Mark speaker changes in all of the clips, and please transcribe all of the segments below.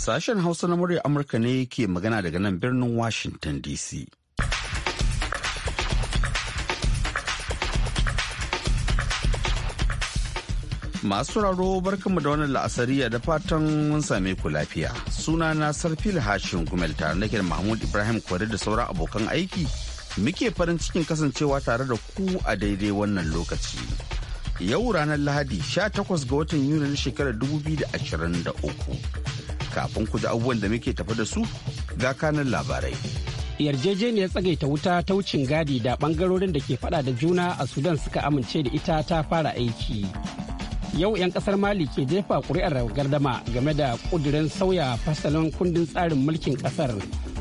Speaker 1: Sashen Hausa na murya Amurka ne ke magana daga nan birnin Washington DC. Masu raro barkanmu da wannan la'asariya da fatan mun same ku lafiya. Suna na Sarfil Hashim Gumel tare da Mahmud Ibrahim Kwari da sauran abokan aiki. Muke farin cikin kasancewa tare da ku a daidai wannan lokaci. Yau ranar Lahadi 18 ga watan Yuni na shekarar 2023. kafin ku ji abubuwan da muke tafi da su ga kanan labarai.
Speaker 2: Yarjejeniyar tsagaita wuta ta wucin gadi da bangarorin da ke fada da juna a Sudan suka amince da ita ta fara aiki. Yau 'yan kasar Mali ke jefa ƙuri'ar gardama game da ƙudurin sauya fasalin kundin tsarin mulkin ƙasar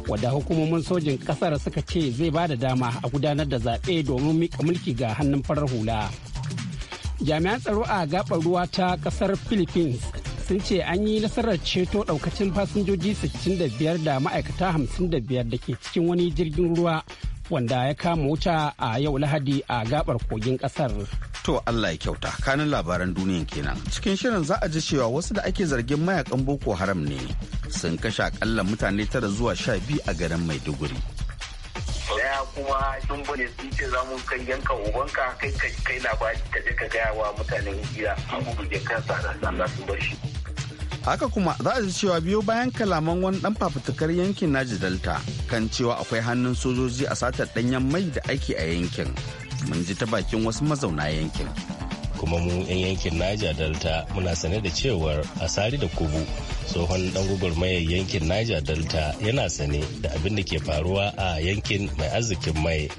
Speaker 2: wadda hukumomin sojin ƙasar suka ce zai ba da dama a gudanar da zaɓe domin mika mulki ga hannun farar hula. Jami'an tsaro a gaɓar ruwa ta ƙasar Philippines sun ce an yi nasarar ceto daukacin fasinjoji 65 da ma'aikata 55 da ke cikin wani jirgin ruwa wanda ya kama wuta a yau lahadi a gabar kogin kasar.
Speaker 1: To Allah ya kyauta kanin labaran duniyan kenan. Cikin shirin za a ji cewa wasu da ake zargin mayakan Boko Haram ne sun kashe akalla mutane tara zuwa sha biyu a garin Maiduguri.
Speaker 3: baya kuma sun bane su ce za mu kai yanka ubanka kai kai labari ka je ka gaya wa mutanen
Speaker 1: hira an bubuge kansa da sanda sun bar shi. haka kuma za a ji cewa biyo bayan kalaman wani dan fafutukar yankin naji delta kan cewa akwai hannun sojoji a satar danyen mai da
Speaker 4: ake a yankin mun ji ta bakin wasu mazauna yankin kuma mu 'yan yankin Niger Delta muna sane da cewar Asari da Kubu tsohon dan gwagwarmayar yankin Niger Delta yana sane da abin da ke faruwa a yankin mai arzikin mai.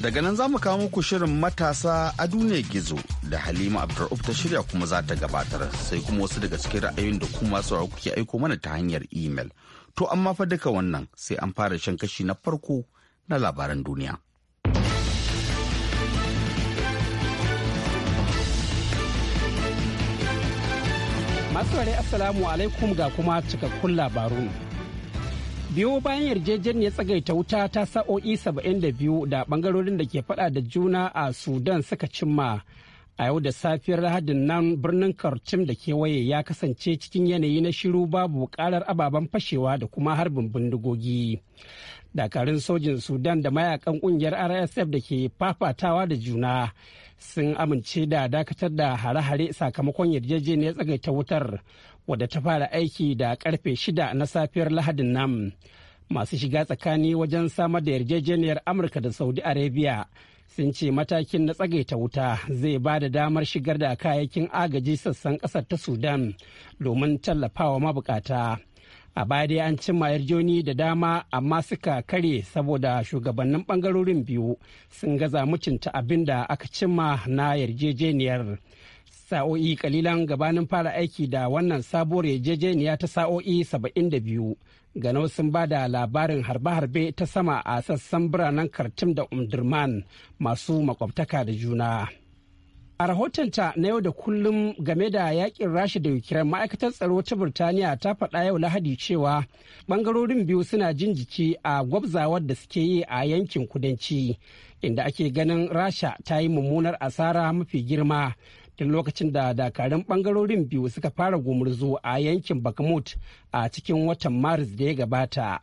Speaker 4: Daga nan za mu kawo muku shirin matasa a duniya gizo da Halima Abdur'uf ta shirya
Speaker 1: kuma za ta gabatar sai kuma wasu daga cikin ra'ayoyin da kuma sauraro kuke aiko mana ta hanyar imel. To amma fa duka wannan sai an fara shan kashi na farko na labaran duniya.
Speaker 2: masu assalamu alaikum ga kuma cikakkun labarun biyo bayan yarjejeniyar tsagaita wuta ta sa'o'i saba'in da bangarorin da ke fada da juna a sudan suka cimma a yau da safiyar lahadin nan birnin khartoum da kewaye ya kasance cikin yanayi na shiru babu karar ababen fashewa da kuma harbin bindigogi dakarun sojin sudan da mayakan kungiyar rsf da ke fafatawa da juna sun amince da dakatar da hare-hare sakamakon yarjejeniyar tsagaita wutar wadda ta fara aiki da karfe shida na safiyar lahadin nan masu shiga tsakani wajen samar da yarjejeniyar amurka da saudi arabia sun ce matakin na tsagaita wuta zai ba da damar shigar da kayayyakin agaji sassan kasar ta sudan domin tallafawa mabukata a baya dai an cimma yarjoni da dama amma suka kare saboda shugabannin bangarorin biyu sun gaza mutunta abin da aka cimma na yarjejeniyar sa'o'i kalilan gabanin fara aiki da wannan sabuwar yarjejeniya ta sa'o'i 72 ganau sun ba da labarin harbe-harbe ta sama a sassan biranen kartim da umdurman masu makwabtaka da juna. A rahotonta na yau da kullum game da yakin Rasha da Ukraine ma'aikatar tsaro ta Birtaniya ta faɗa yau Lahadi cewa bangarorin biyu suna jin jiki a gwabzawar da suke yi a yankin kudanci inda ake ganin Rasha ta yi mummunar asara mafi girma tun lokacin da dakarun bangarorin biyu suka fara gumurzu a yankin bakmut a cikin watan Maris da ya gabata.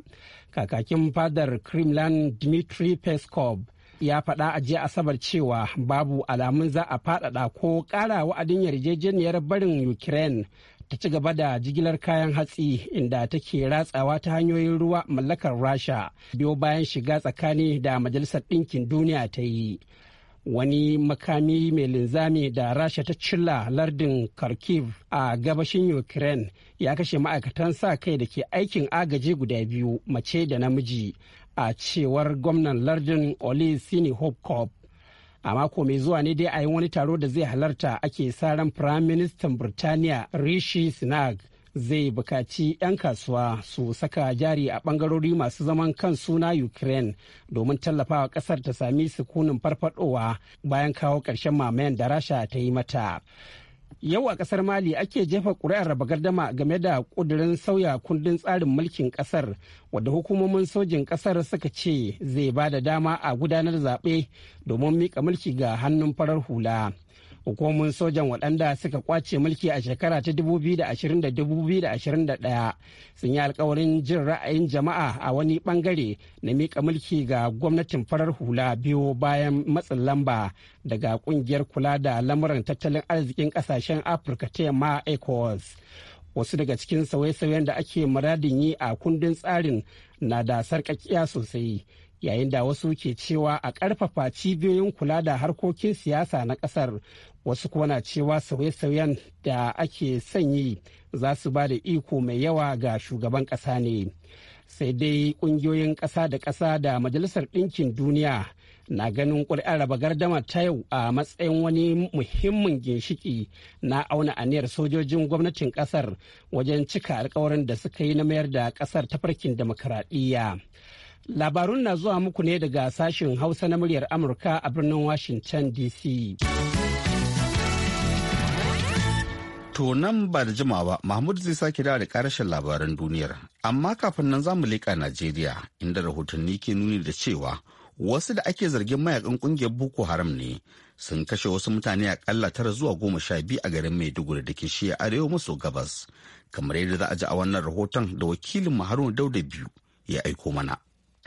Speaker 2: Kakakin fadar Kremlin Dmitry Peskov ya faɗa a jiya asabar cewa babu alamun za a faɗaɗa ko ƙara wa'adin yarjejeniyar barin ukraine ta ci gaba da jigilar kayan hatsi inda take ratsawa ta hanyoyin ruwa mallakar rasha biyo bayan shiga tsakani da majalisar ɗinkin duniya ta yi wani makami mai linzami da rasha ta cilla lardin kharkiv a gabashin ukraine ya kashe ma'aikatan sa kai da ke aikin agaji guda biyu mace da namiji a cewar gwamnan lardin Oli Sini Hope A mako mai zuwa ne dai a yi wani taro da zai halarta ake sa ran Firaministan Birtaniya Rishi Sunak zai bukaci 'yan kasuwa su saka jari a bangarori masu zaman kan suna ukraine domin tallafawa kasar ta sami sukunin farfadowa bayan kawo ƙarshen mamayan da rasha ta yi mata Yau a ƙasar Mali ake jefa ƙuri'ar raba gardama game da ƙudurin sauya kundin tsarin mulkin ƙasar wadda hukumomin sojin ƙasar suka ce zai ba da dama a gudanar zaɓe domin miƙa mulki ga hannun farar hula. hukumomin sojan waɗanda suka kwace mulki a shekara ta 2020-2021 sun yi alkawarin jin ra'ayin jama'a a wani bangare na miƙa mulki ga gwamnatin farar hula biyu bayan matsin lamba daga ƙungiyar kula da lamuran tattalin arzikin ƙasashen afirka ta yamma ecowas wasu daga cikin sauye-sauyen da ake muradin yi a kundin tsarin na da sarƙaƙiya sosai yayin da wasu ke cewa a ƙarfafa cibiyoyin kula da harkokin siyasa na ƙasar wasu kuma na cewa sauye-sauyen da ake sanyi za su ba da iko mai yawa ga shugaban ƙasa ne sai dai ƙungiyoyin ƙasa da ƙasa da majalisar ɗinkin duniya na ganin ƙuri'ar raba gardamar ta yau a matsayin wani muhimmin ginshiki na auna aniyar sojojin gwamnatin ƙasar wajen cika alkawarin da suka yi na mayar da ƙasar ta farkin demokaradiyya. Labarun na zuwa muku ne daga sashen Hausa na muryar Amurka a birnin Washington DC.
Speaker 1: To nan ba da jimawa Mahmud zai sake dawo da karshen labaran duniyar. Amma kafin nan zamu leƙa Najeriya inda rahotanni ke nuni da cewa wasu da ake zargin mayakan ƙungiyar Boko Haram ne sun kashe wasu mutane akalla tara zuwa goma sha biyu a garin Maiduguri da ke shiya arewa maso gabas. Kamar yadda za a ji a wannan rahoton da wakilin Haruna
Speaker 5: Dauda biyu ya aiko mana.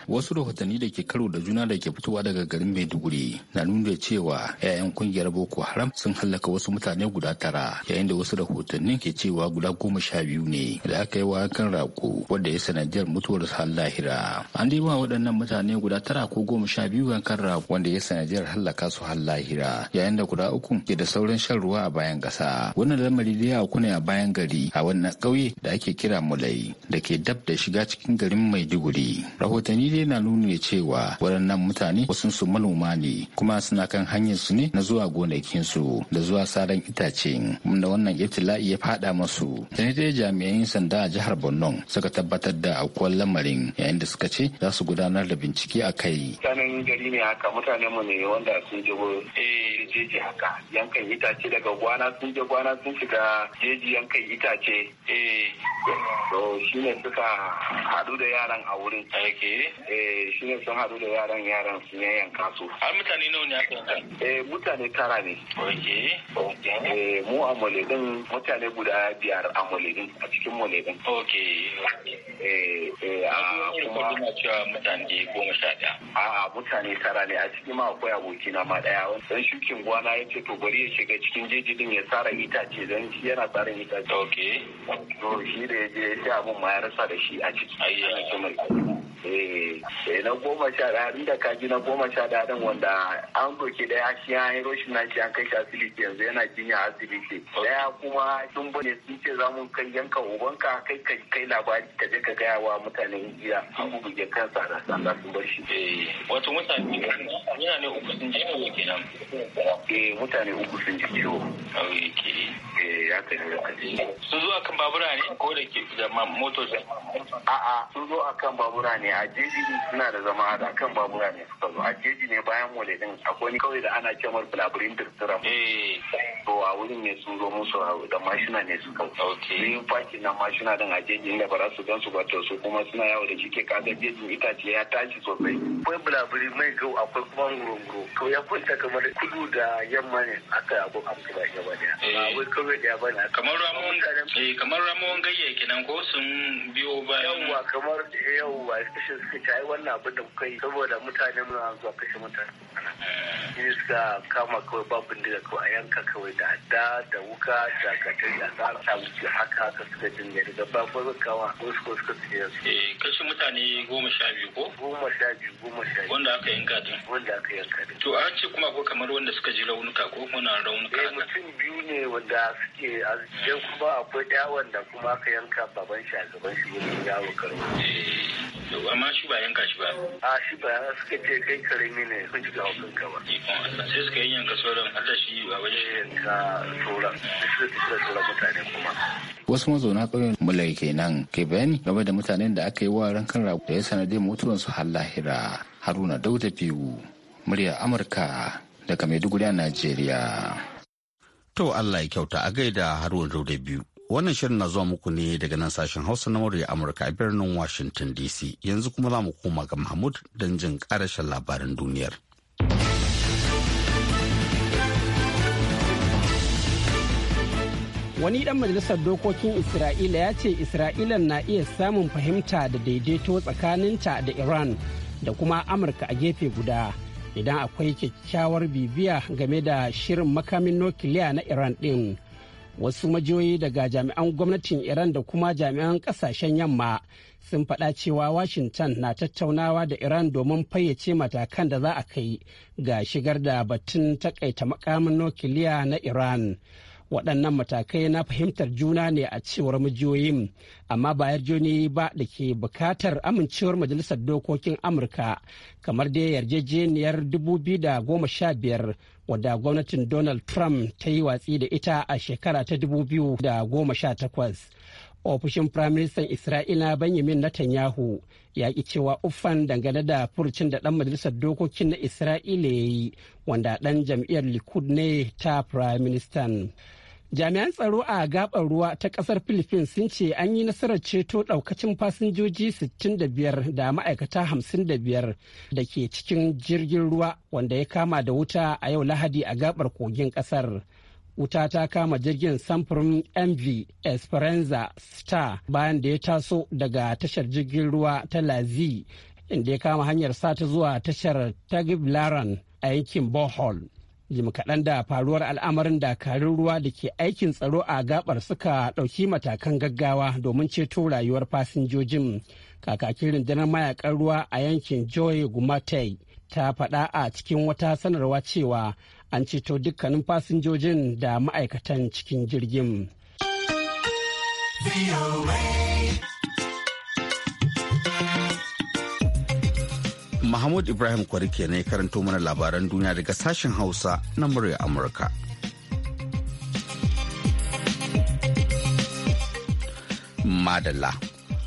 Speaker 5: wasu rahotanni da ke karo da juna da ke fitowa daga garin maiduguri na nuna cewa 'ya'yan kungiyar boko haram sun hallaka wasu mutane guda tara yayin da wasu rahotannin ke cewa guda goma sha biyu ne da aka yi wa kan rako wanda ya sanadiyar mutuwar lahira an dai waɗannan mutane guda tara ko goma sha biyu kan rako wanda ya sanadiyar hallaka su lahira yayin da guda uku ke da sauran shan ruwa a bayan ƙasa wannan lamari dai a kuna a bayan gari a wannan ƙauye da ake kira mulai da ke dab da shiga cikin garin maiduguri rahotanni dai na nuni cewa waɗannan mutane wasu su manoma ne kuma suna kan hanyar su ne na zuwa gonakinsu da zuwa saran itace da wannan itila'i ya fada masu tani dai jami'an sanda a jihar borno suka tabbatar da aukuwar lamarin yayin da suka ce za su gudanar da bincike a kai
Speaker 3: mutanen gari ne haka mutanen mu ne wanda sun je eh, jeji haka yankan itace daga gwana sun je gwana sun shiga jeji yankan itace eh to shine suka haɗu da yaran a wurin yake Eh, shi ne sun haɗu da yaran yaran su ne yan kaso. A mutane nawa ne aka yi eh mutane tara ne Ok. Eh, mu a Moledin mutane guda biyar a Moledin a cikin Moledin. Ok. eh, eh a kuma cewa mutane goma sha ɗaya a mutane tara ne a cikin ma akwai aboki na ma ɗaya dan shukin gwana ya ce to bari ya shiga cikin jejidin ya tsara itace dan shi yana tsara itace Ok. to shi da ya je ya ce abun ma ya rasa da shi a ciki ayyana Eh, na goma sha abin da kaji na goma sha ɗaya ɗin wanda an doke ɗaya shi ya yi roshin na shi an kai shi asibiti yanzu yana jinya asibiti daya kuma sun bane sun ce za mu kai yanka ubanka kai kai kai labari ka je ka gaya wa mutanen jiya an kan sa da da sun bar shi. Eh, wato mutane ne uku sun ji ciwo kenan. eh mutane uku sun ji ciwo. ƙauye ke. eh ya kai ne ka je. sun zo akan babura ne ko da ke da motoci. a'a sun zo akan babura ne ne eh, a jeji suna da zama da kan babura ne suka zo a jeji ne bayan mole din akwai kawai da ana kyamar bulaburin dirtiram eh. to a wurin ne sun zo musu da mashina ne suka zo ni faki na mashina din a jeji inda ba za su gan su ba to su kuma suna yawo da shike kaga jejin itace ya tashi sosai akwai bulaburi mai gau akwai kuma ngurunguru to ya kunta kamar kudu da yamma ne aka yabo an kuma gaba daya eh. ba akwai kawai da ba na kamar ramuwan kamar ramuwan gayyaki nan ko sun biyo ba yawwa kamar yawwa kushe suka ci ai wannan abin da kuka yi saboda mutane muna zuwa kashe mutane shi suka kama kawai ba bindiga kawai a yanka kawai da adda da wuka da gatari a tsara ta haka haka suka dinga daga ba ko suka wasu ko suka tsaye su. Eh, kashe mutane goma sha biyu ko? goma sha biyu goma sha biyu. wanda aka yanka din. wanda aka yanka din. to a ce kuma ko kamar wanda suka ji raunuka ko muna raunuka. eh mutum biyu ne wanda suke a eh. kuma akwai ɗaya wanda kuma aka yanka baban shi a gaban shi wani yawo karo. Eh, amma shi ba yanka shi ba. A shi ba suka ce kai karami ne sun ji gawa kanka ba. Sai suka yi yanka sauran Allah shi ba wai shi yanka sauran. Sai suka sauran mutane kuma.
Speaker 5: Wasu mazauna ƙauyen Mulai kenan ke bayani game da mutanen da aka yi wa rankan rabu da ya sanadin mutuwansu har lahira. Haruna Dauda Biyu, murya Amurka daga Maiduguri a Najeriya.
Speaker 1: To Allah ya kyauta a gaida Haruna Dauda Biyu. Wannan shirin na zuwa muku ne daga nan sashen Hausa na murya Amurka a birnin Washington DC. Yanzu kuma za mu koma ga Mahmud don jin karashen labarin duniyar.
Speaker 2: Wani dan majalisar dokokin Isra'ila ya ce Isra'ila na iya samun fahimta da daidaito tsakaninta da Iran da kuma Amurka a gefe guda. idan akwai kyakkyawar bibiya game da shirin makamin nukiliya na iran din wasu majiyoyi daga jami'an gwamnatin iran da kuma jami'an kasashen yamma sun faɗa cewa washington na tattaunawa da iran domin fayyace matakan da za a kai ga shigar da batun takaita makamin nukiliya na iran waɗannan matakai na fahimtar juna ne a cewar majiyoyin amma ba juni ba da ke bukatar amincewar majalisar dokokin amurka kamar dai yarjejeniyar 2015 wadda gwamnatin Donald Trump ta yi watsi da ita a shekara ta 2018. Ofishin Firaministan Isra'ila Benjamin Netanyahu ya ki cewa uffan dangane da furcin da ɗan majalisar dokokin na Isra'ila ya yi wanda ɗan jam'iyyar Likud ne ta Firaministan. jami'an tsaro a gabar ruwa ta kasar philippines sun ce an yi nasarar ceto daukacin fasinjoji 65 da ma'aikata 55 da ke cikin jirgin ruwa wanda ya kama da wuta a yau lahadi a gabar kogin kasar wuta ta kama jirgin samfurin mv esperanza star bayan da ya taso daga tashar jirgin ruwa ta lazi inda ya kama hanyar sata zuwa tashar tagib laran a yankin bohol jim kaɗan da faruwar al'amarin dakarun ruwa da ke aikin tsaro a gabar suka ɗauki matakan gaggawa domin ceto rayuwar fasinjojin kakakin rundunar mayakan ruwa a yankin joy gumatai ta faɗa a cikin wata sanarwa cewa an ceto dukkanin fasinjojin da ma'aikatan cikin jirgin.
Speaker 1: Mahmud Ibrahim Kwari ke ne karanto mana labaran duniya daga sashen Hausa na murya Amurka. Madalla.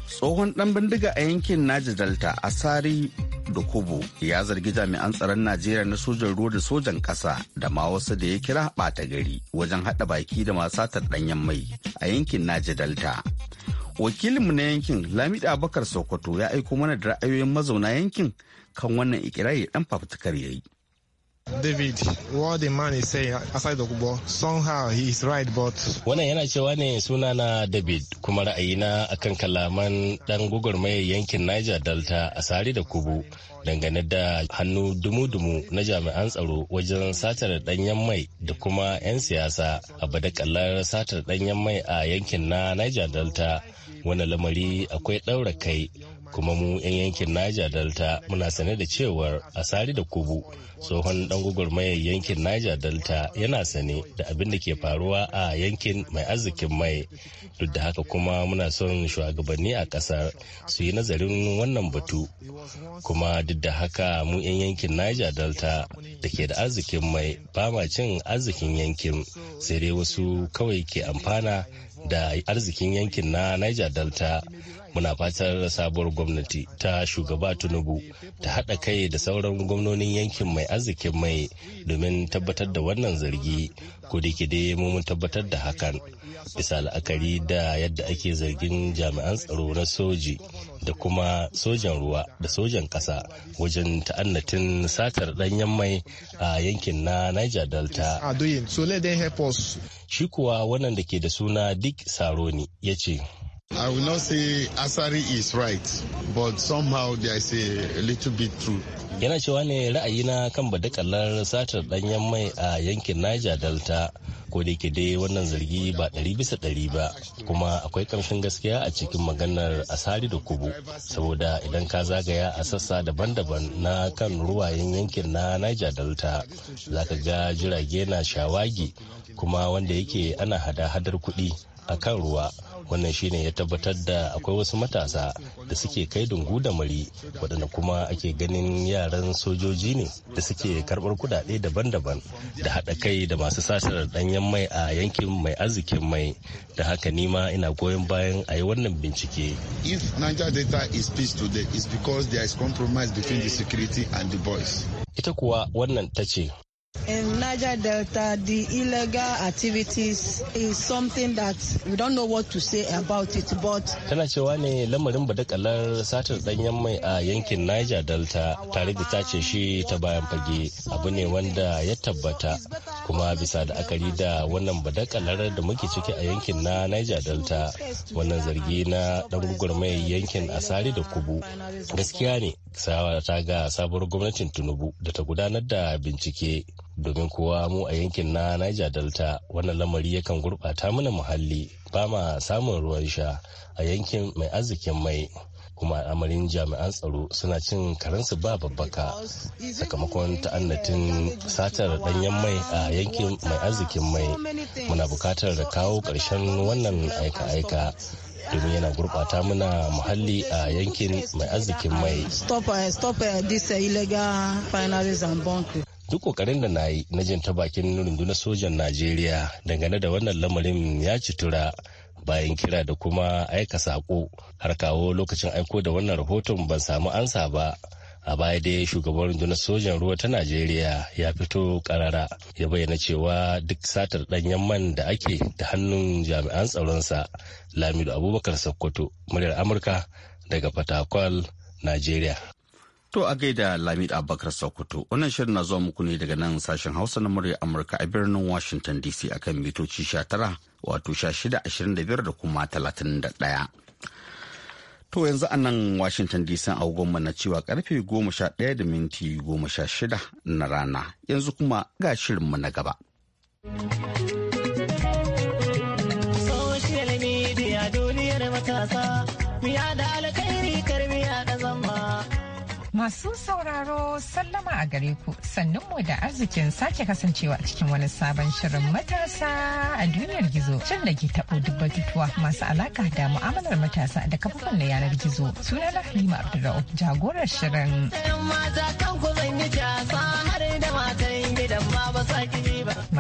Speaker 1: Tsohon ɗan bindiga a yankin Naji Delta Asari Dokubu ya zargi jami'an tsaron Najeriya na sojan ruwa da sojan ƙasa da ma wasu da ya kira ɓata gari wajen haɗa baki da masu satar ɗanyen mai a yankin Naji Delta. wakilinmu na yankin lamida abakar sokoto ya aiko mana da ra'ayoyin mazauna yankin kan wannan ikirari dan fafutukar yayi
Speaker 6: David, what the man is saying aside of somehow he is right, but...
Speaker 4: Wannan yana cewa ne suna na David kuma na akan kalaman ɗan gwagwarmayar yankin Niger Delta a sare da kubu dangane da hannu dumu-dumu na jami'an tsaro wajen satar ɗanyen mai da kuma 'yan siyasa a badakallar satar ɗanyen mai a yankin na Niger Delta. Wani lamari akwai ɗaura kai kuma mu 'yan yankin Niger Delta muna sane da cewar Asari da Kubu tsohon dan gwagwarmayar yankin Niger Delta yana sane da abin da ke faruwa a yankin mai arzikin mai duk da haka kuma muna son shugabanni a kasar su yi nazarin wannan batu kuma duk da haka mu 'yan yankin Niger Delta da ke da arzikin mai ba ma cin arzikin yankin sai dai wasu kawai ke amfana da arzikin yankin na Niger Delta muna fatar sabuwar gwamnati ta shugaba tunubu ta haɗa kai da sauran gwamnonin yankin mai arzikin mai domin tabbatar da wannan zargi ko da ke dai mun tabbatar da hakan bisa la'akari da yadda ake zargin jami'an tsaro na soji da kuma sojan ruwa da sojan ƙasa wajen ta'annatin satar ɗanyen mai a yankin na niger delta ah, shi kuwa wannan da ke da suna dick saroni ya ce I will not say Asari is right, but somehow there is a little bit true. Yana cewa ne ra'ayina kan badakallar satar danyen mai a yankin Niger Delta ko da yake dai wannan zargi ba ɗari bisa ɗari ba kuma akwai ƙamshin gaskiya a cikin maganar asari da kubu saboda idan ka zagaya a sassa daban-daban na kan ruwayen yankin na Niger Delta zaka ga jirage na shawagi kuma wanda yake ana hada-hadar kuɗi. a kan ruwa wannan shine ya tabbatar da akwai wasu matasa da suke kai dungu da mari waɗanda kuma ake ganin yaran sojoji ne da suke karɓar kudade daban-daban da haɗa kai da masu satar ɗanyen mai a yankin mai arzikin mai da haka nima ina goyon bayan a yi wannan bincike if niger is peace is because there compromise between the security and the boys ita kuwa wannan ta ce in Niger Delta, the illegal activities is something that we don't know what to say about it, but... Tana cewa ne lamarin kalar satar danyen mai a yankin Niger Delta tare da tace shi ta bayan fage abu ne wanda ya tabbata kuma bisa da akari da wannan badakalar da muke ciki a yankin na niger delta wannan zargi na dan gugurmai yankin asari da kubu gaskiya ne ta ga sabuwar gwamnatin tinubu da ta gudanar da bincike domin kowa mu a yankin na niger delta wannan lamari yakan gurɓata mana muhalli ba ma samun ruwan sha a yankin mai arzikin mai kuma al'amarin jami'an tsaro suna cin karansu ba babbaka sakamakon ta'annatin satar danyen mai a yankin mai arzikin mai muna bukatar da kawo ƙarshen wannan aika-aika domin yana gurɓata mana muhalli a yankin mai arzikin mai. Eh, eh, eh, Duk kokarin da na yi na jin ta bakin rundunar sojan Najeriya dangane da wannan lamarin ya citura. tura bayan kira da kuma aika saƙo, har kawo lokacin aiko da wannan rahoton ban samu ansa ba a baya dai shugaban rundunar sojan ruwa ta najeriya ya fito karara ya bayyana cewa duk satar danyen man da ake da hannun jami'an tsaronsa Lamidu abubakar sokoto muryar amurka daga fatakwal najeriya To a gaida Lamid Abubakar Sokoto, wannan shirin na zuwa muku
Speaker 1: ne daga nan sashen Hausa na murya Amurka a birnin Washington DC akan mitoci 19 wato 1625 da kuma 31. To yanzu a nan Washington DC agogonmu na cewa karfe 11 da minti 16 na rana yanzu kuma ga shirin mu na gaba.
Speaker 7: Masu sauraro sallama a gare ku mu da arzikin sake kasancewa cikin wani sabon shirin matasa a duniyar gizo can da ke taɓo duk batutuwa masu alaka da mu'amalar matasa da kafofin na yanar gizo suna na Halima Abdullahi jagorar shirin.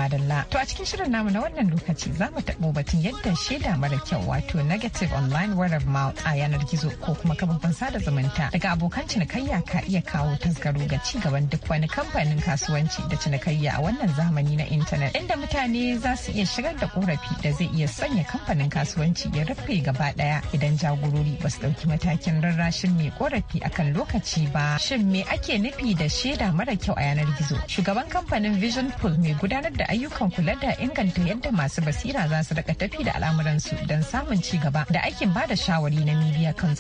Speaker 7: madalla. To a cikin shirin namu na wannan lokaci za mu taɓo batun yadda shaida mara kyau wato negative online word of mouth a yanar gizo ko kuma kafafen sada zumunta daga abokan cinikayya ka iya kawo tasgaro ga ci gaban duk wani kamfanin kasuwanci da cinikayya a wannan zamani na intanet inda mutane za su iya shigar da korafi da zai iya sanya kamfanin kasuwanci ya rufe gaba ɗaya idan jagorori ba su ɗauki matakin rarrashin mai korafi akan lokaci ba shin me ake nufi da shaida mara kyau a yanar gizo shugaban kamfanin vision pool mai gudanar da ayyukan kula da inganta yadda masu basira za su rika tafi da al'amuransu don samun ci gaba da aikin ba da shawari na midiya kan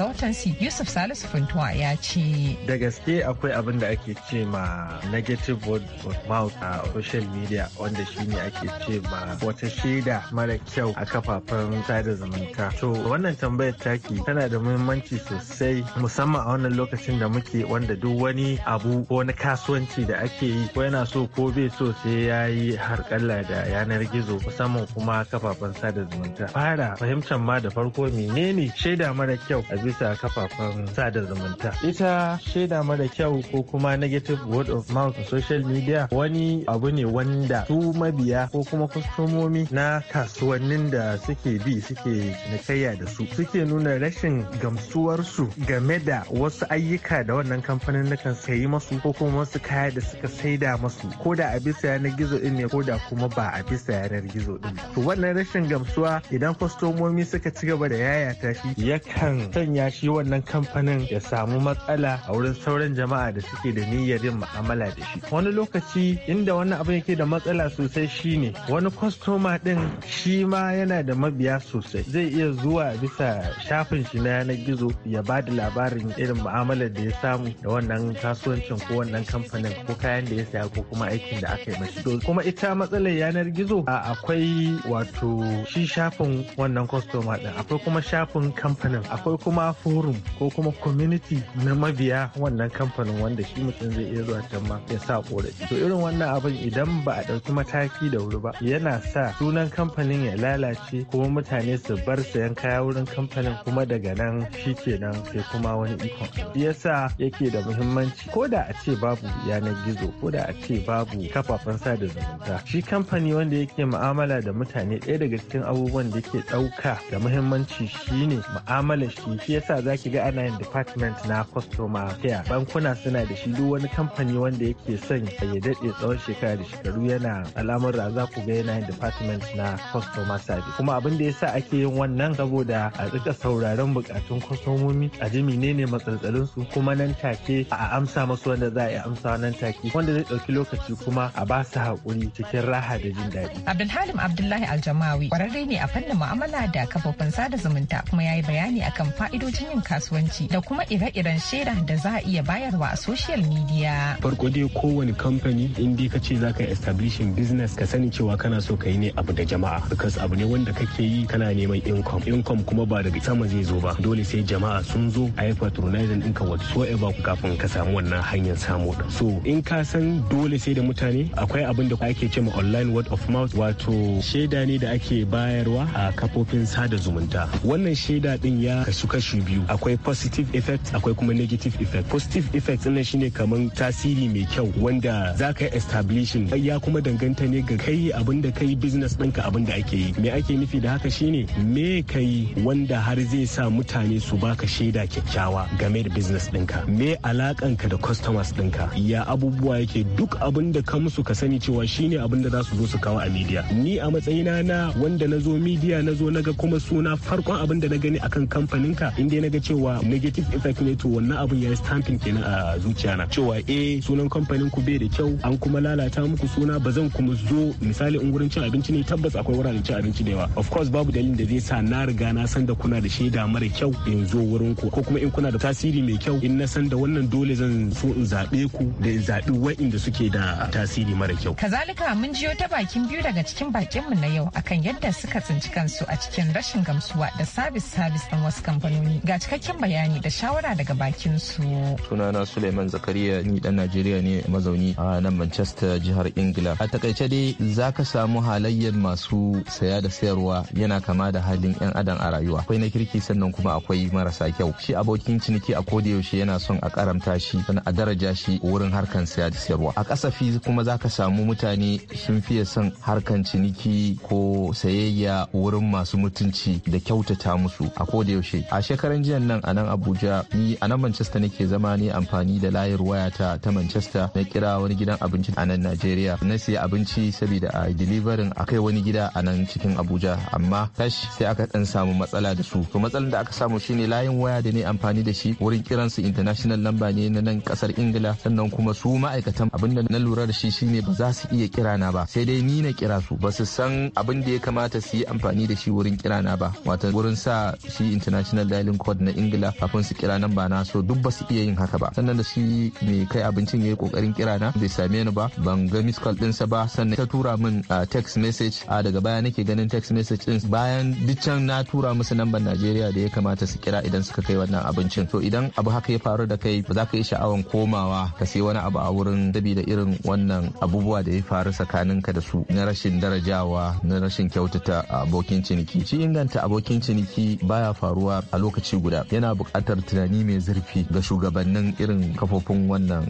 Speaker 7: Yusuf Salisu Funtuwa ya ce.
Speaker 6: Da gaske akwai abin da ake ce ma negative word of mouth a social media wanda shi ne ake ce ma wata shaida mara kyau a kafafen sada zumunta. To wannan tambayar taki tana da muhimmanci sosai musamman a wannan lokacin da muke wanda duk wani abu ko wani kasuwanci da ake yi ko yana so ko bai so sai ya yi har harkalla da yanar gizo musamman kuma kafafen sada zumunta fara fahimtar ma da farko menene shaida mara kyau a bisa kafafen sada zumunta ita shaida mara kyau ko kuma negative word of mouth social media wani abu ne wanda su mabiya ko kuma kwastomomi na kasuwannin da suke bi suke nikayya da su suke nuna rashin gamsuwarsu game da wasu ayyuka da wannan kamfanin kan sayi masu ko kuma wasu kaya da suka saida masu ko da a bisa yanar gizo din ne ko da da kuma ba a bisa yanar gizo din to wannan rashin gamsuwa idan kwastomomi suka ci gaba da yayata shi yakan sanya shi wannan kamfanin ya samu matsala a wurin sauran jama'a da suke da niyyar yin mu'amala da shi wani lokaci inda wani abu yake da matsala sosai shine wani kwastoma din shi ma yana da mabiya sosai zai iya zuwa bisa shafin shi na yanar gizo ya ba da labarin irin mu'amalar da ya samu da wannan kasuwancin ko wannan kamfanin ko kayan da ya saya ko kuma aikin da aka yi mashi kuma ita ma matsalar yanar gizo A akwai wato shi shafin wannan kwastoma din akwai kuma shafin kamfanin akwai kuma forum ko kuma community na mabiya wannan kamfanin wanda shi mutum zai iya zuwa can ma ya sa korafi to irin wannan abin idan ba a ɗauki mataki da wuri ba yana sa sunan kamfanin ya lalace kuma mutane su bar sayan kaya wurin kamfanin kuma daga nan shi kenan sai kuma wani ikon yasa yake da muhimmanci ko da a ce babu yanar gizo ko da a ce babu kafafen sada zumunta shi kamfani wanda yake ma'amala da mutane ɗaya daga cikin abubuwan da yake ɗauka da muhimmanci shine mu'amala shi shi yasa zaki ga ana yin department na customer care bankuna suna da shi duk wani kamfani wanda yake son ya daɗe tsawon shekara da shekaru yana da za ku ga yana yin department na customer service kuma abin da yasa ake yin wannan saboda a tsaka sauraron bukatun kwastomomi a ji ne matsaltsalin su kuma nan take a amsa masu wanda za a yi amsa nan take wanda zai ɗauki lokaci kuma a ba su haƙuri cikin cikin raha da jin daɗi.
Speaker 7: Abdulhalim Abdullahi Aljamawi kwararre ne a fannin mu'amala da kafofin sada zumunta kuma ya yi bayani akan fa'idojin yin kasuwanci da kuma ire-iren shaida da za a iya bayarwa a social media.
Speaker 8: Farko dai kowane kamfani in dai ka ce za ka establishing business ka sani cewa kana so ka yi ne abu da jama'a because abu ne wanda kake yi kana neman income income kuma ba daga sama zai zo ba dole sai jama'a sun zo a yi patronizing ɗinka whatsoever kafin ka samu wannan hanyar samu so in ka san dole sai da mutane akwai abin da ake ce mu online word of mouth wato shaida ne da ake bayarwa a kafofin sada zumunta wannan shaida din ya kasu kashi biyu akwai positive effect akwai kuma negative effect positive effect ɗin shine kaman tasiri mai kyau wanda za ka yi establishing ya kuma danganta ne ga kai abinda da kai business ɗinka abinda ake yi me ake nufi da haka shine me kai wanda har zai sa mutane su baka shaida kyakkyawa game da business ɗinka me alakanka da customers ɗinka ya abubuwa yake duk abinda ka musu ka sani cewa shine abin abin da za su zo su kawo a media ni a matsayina na wanda na zo media na zo naga kuma suna farkon abin da na gani akan kamfanin ka inda ga cewa negative effect ne to wannan abin ya stamping kenan a zuciyana cewa eh sunan kamfanin ku bai da kyau an kuma lalata muku suna ba zan kuma zo misali in wurin cin abinci ne tabbas akwai wuraren cin abinci da yawa of course babu dalilin da zai sa na riga na san da kuna da shaida mara kyau in zo wurin ku ko kuma in kuna da tasiri mai kyau in na san da wannan dole zan so in zaɓe ku da in zaɓi wa'inda suke da tasiri mara kyau
Speaker 7: kazalika mun jiyo ta bakin biyu daga cikin bakinmu na yau akan yadda suka tsinci kansu a cikin rashin gamsuwa da sabis sabis ɗin wasu kamfanoni ga cikakken bayani da shawara daga bakin su.
Speaker 9: Sunana Suleiman Zakariya ni dan Najeriya ne mazauni a nan Manchester jihar Ingila. A takaice dai za ka samu halayyar masu saya da sayarwa yana kama da halin 'yan adam a rayuwa. Akwai na kirki sannan kuma akwai marasa kyau. Shi abokin ciniki a koda yaushe yana son a karamta shi sannan a daraja shi wurin harkan saya da sayarwa. A kasafi kuma za ka samu mutane sun fiye son harkan ciniki ko sayayya wurin masu mutunci da kyautata musu a koda yaushe a shekaran jiya nan a nan abuja ni a nan manchester nake zama ne amfani da layar wayata ta manchester na kira wani gidan abinci a nan najeriya na siya abinci saboda a deliverin a kai wani gida a nan cikin abuja amma tash sai aka dan samu matsala da su to matsalan da aka samu shine layin waya da ne amfani da shi wurin kiransu international number ne na nan kasar ingila sannan kuma su ma'aikatan abinda na lura da shi shine ba za su iya kira kirana ba sai dai ni na kira su ba su san abin da ya kamata su yi amfani da shi wurin kirana ba wato wurin sa shi international dialing code na ingila kafin su kira nan ba na so duk ba su iya yin haka ba sannan da shi mai kai abincin ya yi kokarin kirana bai same ni ba ban ga miss call sa ba sannan ta tura min text message a daga baya nake ganin text message din bayan dukkan na tura musu lambar Najeriya da ya kamata su kira idan suka kai wannan abincin to idan abu haka ya faru da kai ba za ka yi sha'awan komawa ka sai wani abu a wurin dabi da irin wannan abubuwa da ya faru saka tsakaninka da su na rashin darajawa na rashin kyautata abokin ciniki shi inganta abokin ciniki baya faruwa a lokaci guda yana buƙatar tunani mai zurfi ga shugabannin irin kafofin wannan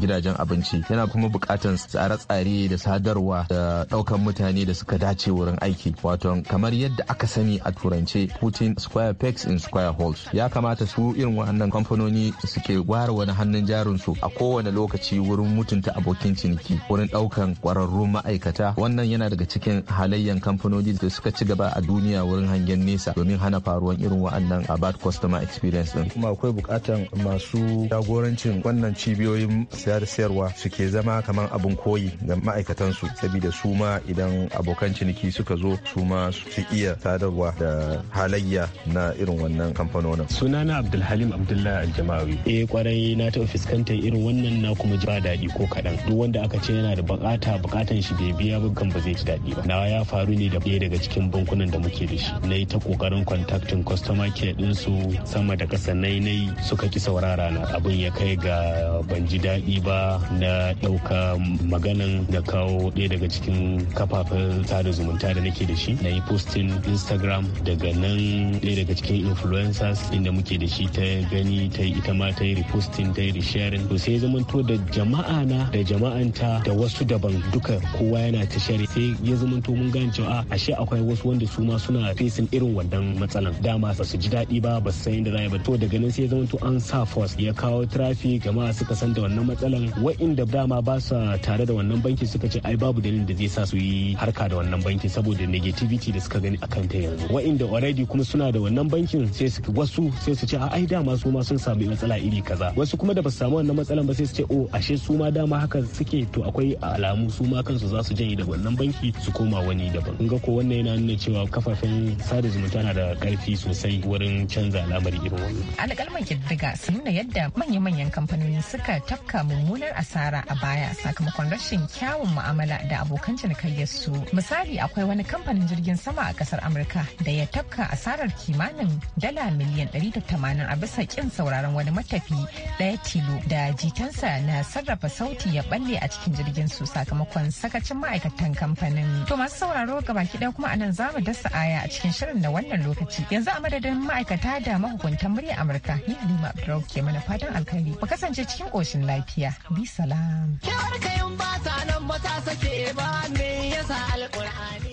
Speaker 9: gidajen abinci yana kuma buƙatar tsare-tsare da sadarwa da ɗaukan mutane da suka dace wurin aiki wato kamar yadda aka sani a turance putin square pegs in square holes ya kamata su irin wannan kamfanoni suke ware wani hannun jarinsu a kowane lokaci wurin mutunta abokin ciniki wurin ɗaukan ƙwararru ƙwararrun ma'aikata wannan yana daga cikin halayyan kamfanoni da suka ci gaba a duniya wurin hangen nesa domin hana faruwan irin wa'annan a bad customer experience din kuma akwai bukatan masu jagorancin wannan cibiyoyin sayar sayarwa suke zama kamar abin koyi ga ma'aikatansu saboda su ma idan abokan ciniki suka zo su ma su iya sadarwa da halayya na irin wannan kamfanonin sunana abdulhalim abdullahi aljamawi
Speaker 8: eh kwarai na taɓa fuskantar irin wannan na kuma ji daɗi ko kaɗan duk wanda aka ce yana da bukata bukata fatan shi bai biya ba ba zai ji daɗi ba na ya faru ne da ɗaya daga cikin bankunan da muke da shi na yi ta kokarin kwantaktin customer care din su sama da ƙasa nai yi suka ki saurara na abin ya kai ga ban ji daɗi ba na ɗauka maganan da kawo ɗaya daga cikin kafafen sada zumunta da nake da shi na yi postin instagram daga nan ɗaya daga cikin influencers inda muke da shi ta gani ta yi ita ma ta yi reposting ta yi resharing to sai zamanto da jama'a na da jama'anta da wasu daban duk duka kowa yana ta share sai ya to mun gane cewa ah, ashe akwai wasu wanda su ma suna fesin irin wannan matsalan dama ba su ji daɗi ba ba su san yadda za ba to daga nan sai ya zamanta an sa force ya kawo traffic jama'a suka san da wannan matsalan wa'inda dama ba sa tare da wannan banki suka ce ai babu dalilin da zai sa su yi harka da wannan banki saboda negativity da suka gani akan ta yanzu wa'inda already kuma suna da wannan bankin sai su wasu sai su ce a ah, ai dama su ma sun samu matsala iri kaza wasu kuma da ba su samu wannan matsalan ba sai su ce o oh, ashe su ma dama haka suke to akwai alamu su ma kansu za su janye da wannan banki su koma wani daban kun ga ko wannan yana nuna cewa kafafen sada zumunta na da karfi sosai wurin canza al'amari irin wannan
Speaker 7: alƙalman kiddiga sun nuna yadda manya-manyan kamfanoni suka tafka mummunar asara a baya sakamakon rashin kyawun mu'amala da abokan cinikayyar su misali akwai wani kamfanin jirgin sama a kasar amurka da ya tafka asarar kimanin dala miliyan tamanin a bisa kin sauraron wani matafi ɗaya tilo da jitansa na sarrafa sauti ya balle a cikin jirgin su sakamakon sakamakon sakacin ma'aikatan kamfanin. To masu sauraro ga baki ɗaya kuma anan za mu dasa aya a cikin shirin da wannan lokaci. Yanzu a madadin ma'aikata da mahukuntan murya Amurka ni Halima Abdurrahman ke mana fatan alkhairi. Mu kasance cikin ƙoshin lafiya. Bi salam.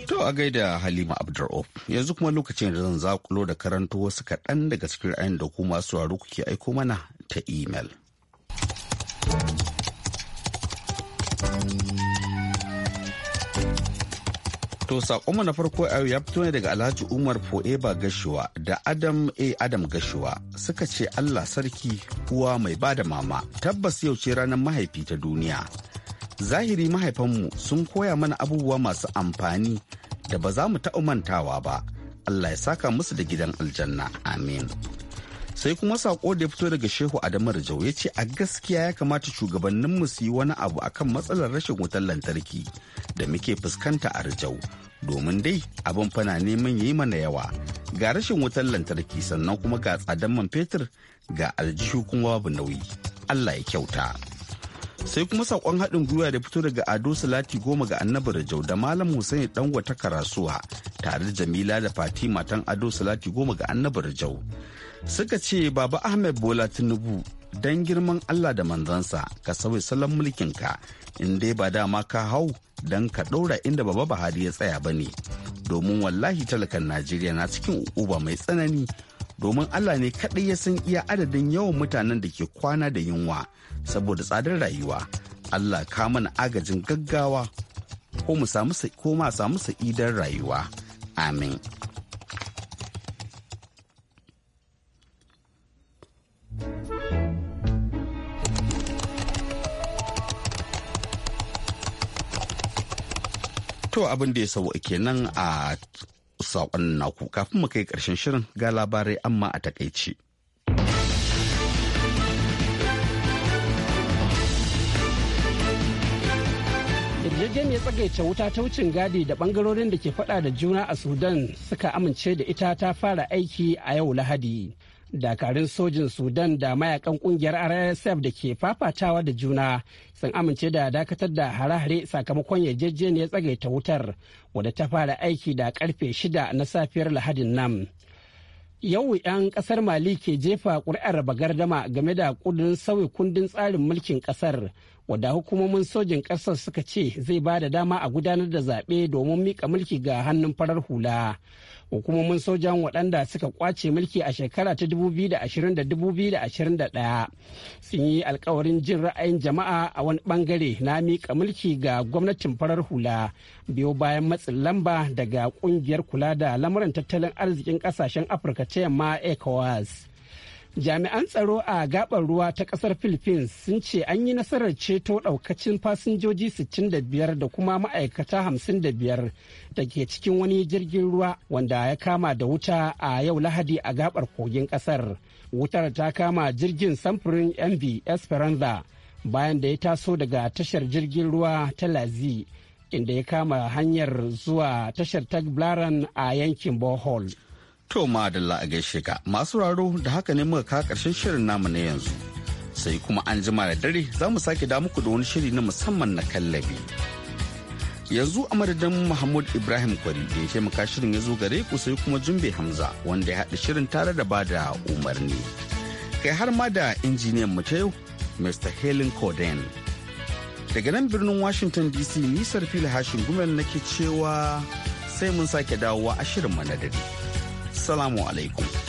Speaker 1: To a gaida Halima Abdur'uf yanzu kuma lokacin da zan zakulo da karanto wasu kaɗan daga cikin ra'ayin da ku masu sauraro kuke aiko mana ta imel. To sakonmu na farko a yau ya fito ne daga Alhaji Umar Fo'eba Gashuwa da Adam A. Eh, Adam Gashuwa suka ce Allah sarki uwa mai ba da mama tabbas yau ce ranar mahaifi ta duniya. Zahiri mahaifanmu sun koya mana abubuwa masu amfani da ba za mu taɓa mantawa ba. Allah ya saka musu da gidan aljanna. Amin. sai kuma sako da ya fito daga shehu adamu rajau ya ce a gaskiya ya kamata shugabannin mu su yi wani abu akan matsalar rashin wutar lantarki da muke fuskanta a rijau domin dai abin fana neman ya yi mana yawa ga rashin wutar lantarki sannan kuma ga tsadan man fetur ga aljihu kuma babu nauyi allah ya kyauta sai kuma sakon haɗin gwiwa da fito daga ado salati goma ga annabi rajau da malam hussein ɗan ta karasuwa tare da jamila da fatima tan ado salati goma ga annabi rajau suka ce baba ahmed bola tinubu don girman allah da manzansa ka sauya salon mulkinka in dai ba dama ka hau don ka ɗaura inda baba Bahari ya tsaya ba ne domin wallahi talakan najeriya na cikin uba mai tsanani domin allah ne kaɗai ya san iya adadin yawan mutanen da ke kwana da yunwa saboda tsadar rayuwa allah ka mana agajin gaggawa ko mu samu sa'idar rayuwa amin To abin da ya sau nan a saƙon naku kafin mu kai ƙarshen shirin ga labarai amma a takaici.
Speaker 2: Yajen ya tsagaice wuta ta wucin gadi da bangarorin da ke fada da juna a sudan suka amince da ita ta fara aiki a yau lahadi dakarun sojin sudan da mayakan kungiyar rsf da ke fafatawa da juna sun amince da dakatar da hare-hare sakamakon yarjejeniyar tsagaita wutar wadda ta fara aiki da karfe shida na safiyar lahadin nan yau 'yan kasar mali ke jefa ƙuri'ar bagardama game da kudin sauyi kundin tsarin mulkin kasar wadda hukumomin sojin ƙasar suka ce zai ba da dama a gudanar da zaɓe domin miƙa mulki ga hannun farar hula hukumomin sojan waɗanda suka kwace mulki a shekara ta 2020 da 2021 sun yi alkawarin jin ra'ayin jama'a a wani ɓangare na miƙa mulki ga gwamnatin farar hula biyo bayan matsin lamba daga ƙungiyar kula da lamuran tattalin arzikin ƙasashen afirka ta yamma ecowas jami'an tsaro a gabar ruwa ta kasar philippines sun ce an yi nasarar ceto daukacin fasinjoji 65 da kuma ma'aikata 55 da ke cikin wani jirgin ruwa wanda ya kama da wuta a yau lahadi a gabar kogin kasar wutar ta kama jirgin samfurin mv esperanza bayan da ya taso daga tashar jirgin ruwa ta lazi inda ya kama hanyar zuwa tashar tagbaran a yankin bohol
Speaker 1: To ma madalla a gaishe ka masu raro da haka ne muka kawo karshen shirin namu na yanzu. Sai kuma an jima da dare za mu sake da muku da wani shiri na musamman na kallabi. Yanzu a madadin Muhammad Ibrahim Kwari da ya taimaka shirin ya zo gare ku sai kuma Jumbe Hamza wanda ya haɗa shirin tare da ba da umarni. Kai har ma da injiniyan mu ta yau Mr. Helen Coden. Daga nan birnin Washington DC nisar fili hashin gumel nake cewa sai mun sake dawowa a shirin na dare. Wassalamu alaikum.